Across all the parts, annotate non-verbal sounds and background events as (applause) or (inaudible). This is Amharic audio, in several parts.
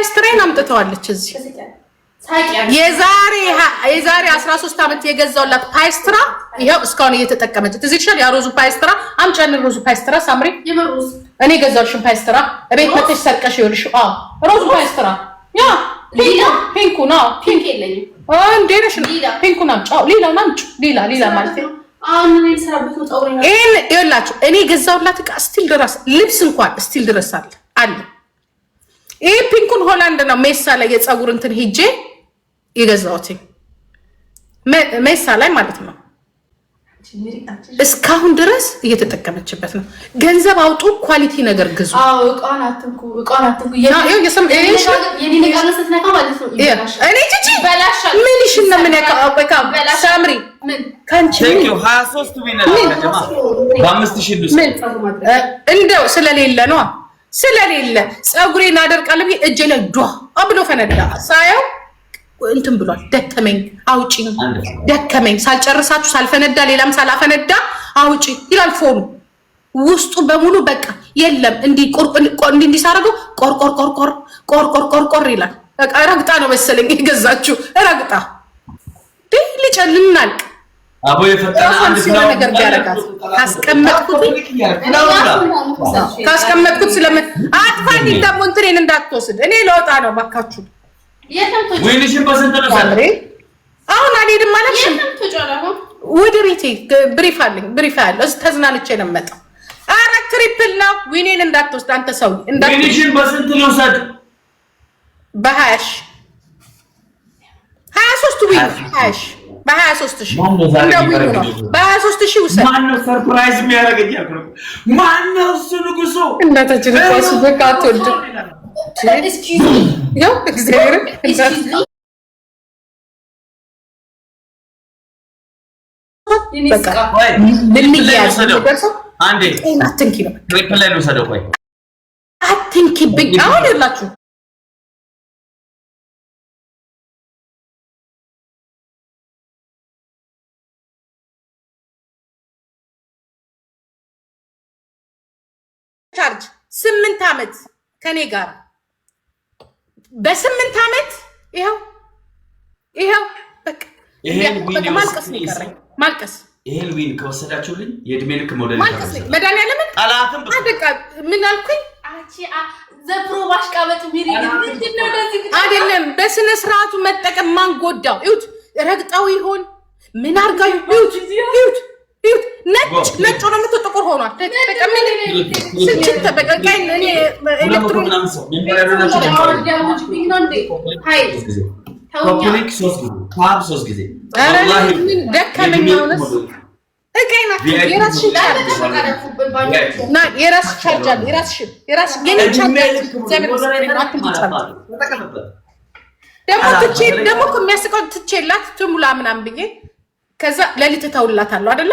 ሰርፕራይዝ ትሬን አምጥተዋለች እዚህ የዛሬ የዛሬ 13 ዓመት የገዛውላት ፓይስትራ ይሄው እስካሁን እየተጠቀመች እዚህ ይችላል። ያሮዙ ፓይስትራ አምጫን ሮዙ ፓይስትራ ሳምሪ እኔ ገዛውሽን ፓይስትራ እቤት ከተሽ ሰርቀሽ ይኸውልሽ። አዎ ሮዙ ፓይስትራ ያ ሊላ ፒንኩ ነው ፒንክ የለኝም። አዎ እንዴ ነሽ? ፒንኩ ነው ጫው ሊላ ነው ሊላ ሊላ ማለት ነው። ይሄን ይኸውላችሁ እኔ የገዛውላት ዕቃ ስቲል ድረስ ልብስ እንኳን ስቲል ድረስ አለ አለ አሁን ሆላንድ ነው ሜሳ ላይ የፀጉር እንትን ሂጄ የገዛሁት ሜሳ ላይ ማለት ነው። እስካሁን ድረስ እየተጠቀመችበት ነው። ገንዘብ አውጡ፣ ኳሊቲ ነገር ግዙ። እንደው ስለሌለ ነው ስለሌለ ፀጉሬን አደርቃለሁ ብዬ እጄ ላይ ዷ ብሎ ፈነዳ። ሳየው እንትን ብሏል። ደከመኝ አውጪ፣ ደከመኝ ሳልጨርሳችሁ ሳልፈነዳ ሌላም ሳላፈነዳ አውጪ ይላል ፎኑ ውስጡ በሙሉ በቃ የለም። እንዲህ እንዲሳረገው ቆርቆርቆርቆር ቆርቆርቆርቆር ይላል። ረግጣ ነው መሰለኝ የገዛችሁ ረግጣ ልጨልናልቅ አቦ የፈጠረው አንድ ነገር ያረጋት ካስቀመጥኩት ካስቀመጥኩት ስለምን አጥፋኝ። ደግሞ እንትኔን እንዳትወስድ እኔ ለወጣ ነው ባካችሁ። ወይንሽን በስንት ነው አሁን አልሄድም አለሽም። ብሪፍ አለኝ ብሪፍ አለ እዚህ ተዝናንቼ ነው የምመጣው። ትሪፕል ነው። ዊኔን እንዳትወስድ አንተ ሰው በስንት ነው ሰድ ሀያ በሀያ ሦስት በሀያ ውሰድ። ማነው ሰርፕራይዝ የሚያደርገኝ አሁን የላችሁ ቻርጅ ስምንት ዓመት ከኔ ጋር በስምንት ዓመት ይኸው ይኸው ማልቀስ ይሄን ዊን ከወሰዳችሁልኝ የእድሜ ልክ ሞዴል መድኃኒዓለምን ምን አልኩኝ? አይደለም በስነ ስርዓቱ መጠቀም ማን ጎዳው? ይሁት ረግጣው ይሆን ምን አርጋ ይሁት ይሁት ነጭ ነጭ ሆኖ ጥቁር ሆኗል። ደግሞ የሚያስቀው ትቼላት ትሙላ ምናምን ብዬ ከዛ ለሊት ተውላታለሁ አይደለ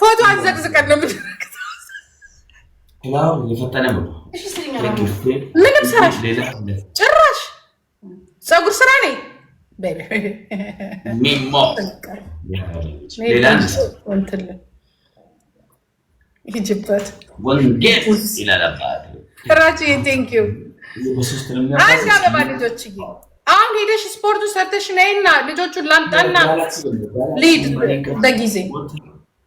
ፎቶ አንዘቅዝቀን ነው ምንም ሰራሽ ጭራሽ ፀጉር ስራ ነ አንድ አበባ ልጆች አሁን ሄደሽ ስፖርቱ ሰርተሽ ነይና ልጆቹን ላምጣና ልሂድ በጊዜ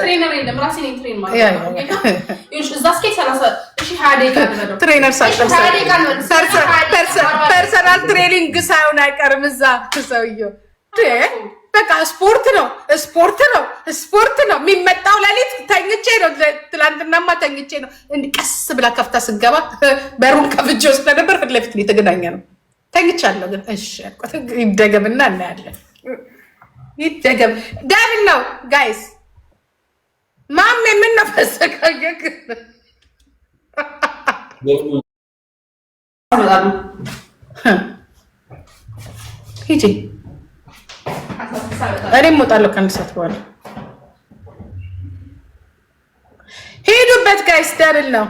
ትሬነር ፐርሰናል ትሬኒንግ ሳይሆን አይቀርም እዛ ሰውዬው በቃ ስፖርት ነው ስፖርት ነው ስፖርት ነው የሚመጣው። ሌሊት ተኝቼ ነው ትላንትናማ ተኝቼ ነው። ቀስ ብላ ከፍታ ስገባ (laughs) በሩን ከፍቼ ስለነበር ነበር። ፊት ለፊት የተገናኘ ነው። ተኝቻለሁ ግን ይደገምና እናያለን። ይደገም ደብል ነው ጋይስ። ማሜ ምን ነው ፈሰቀየክ ሂጂ። ከአንድ ሰዓት በኋላ ጋይስ። ደብል ነው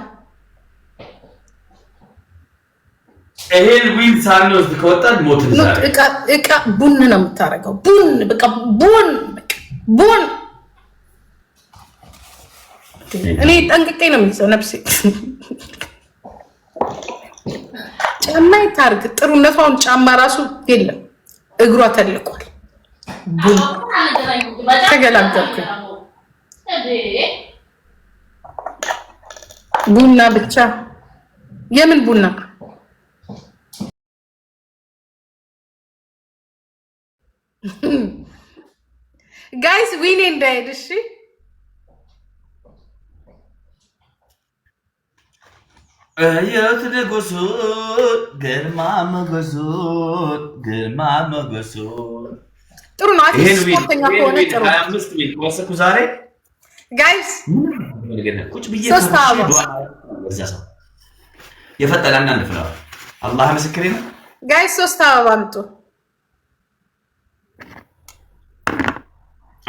ይሄን ዊል ሳንወስድ ከወጣን ሞት እቃ ቡን ነው የምታደርገው። ቡን በቃ ቡን ቡን። እኔ ጠንቅቄ ነው የሚይዘው ነፍሴ። ጫማ ይታርግ ጥሩነቷን ጫማ ራሱ የለም እግሯ ተልቋል። ቡን ተገላገልኩ። ቡና ብቻ የምን ቡና ጋይስ ዊኔ እንዳይሄድ እሺ። እየት ንጉሱን ግርማ ሞገሱን ግርማ ጥሩ ነው። ዛሬ ጋይስ ቁጭ ብዬ አንዳንድ አላህ ምስክሬ ነው ጋይስ ሶስት አበባ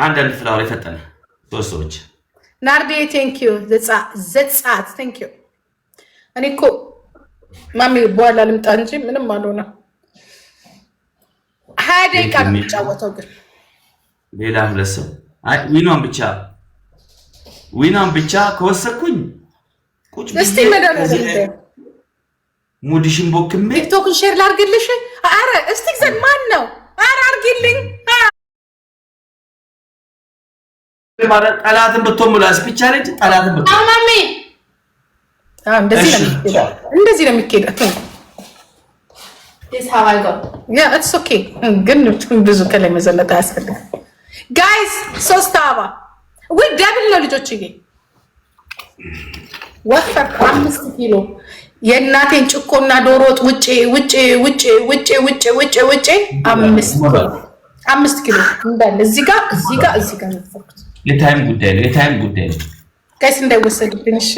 አንድ አንድ ፍላወር የፈጠነ ሶስት ሰዎች ናርዲ ቴንክ ዩ ዘጻት ቴንክ ዩ። እኔ እኮ ማሚ በኋላ ልምጣ እንጂ ምንም አልሆነ። ሀያ ደቂቃ ነው የሚጫወተው ግን ሌላ ሁለት ሰው ዊኗን ብቻ ዊኗን ብቻ ከወሰድኩኝ ቁጭ እስቲ ሙድሽን ቦክሜ ቲክቶክን ሼር ላርግልሽ። አረ እስቲ ዘን ማን ነው? አረ አርግልኝ ማለት ጠላትን ብትሆን ሙላስ ብቻ ነች። ጠላትን ብትሆን እንደዚህ ነው የሚኬደው። ግን ብዙ ከላይ መዘለጥ አያስፈልግም። ጋይስ ሶስት አበባ ወይ ደብል ነው ልጆች ዬ ወፈር አምስት ኪሎ የእናቴን ጭኮና ዶሮ ወጥ ውጭ ውጭ ውጭ ውጭ ውጭ ውጭ ውጭ አምስት ኪሎ እንዳለ እዚህ ጋር እዚህ ጋር እዚህ ጋር ነው የታይም ጉዳይ ነው። የታይም ጉዳይ ነው። ጋይስ እንዳይወሰድብን እሺ።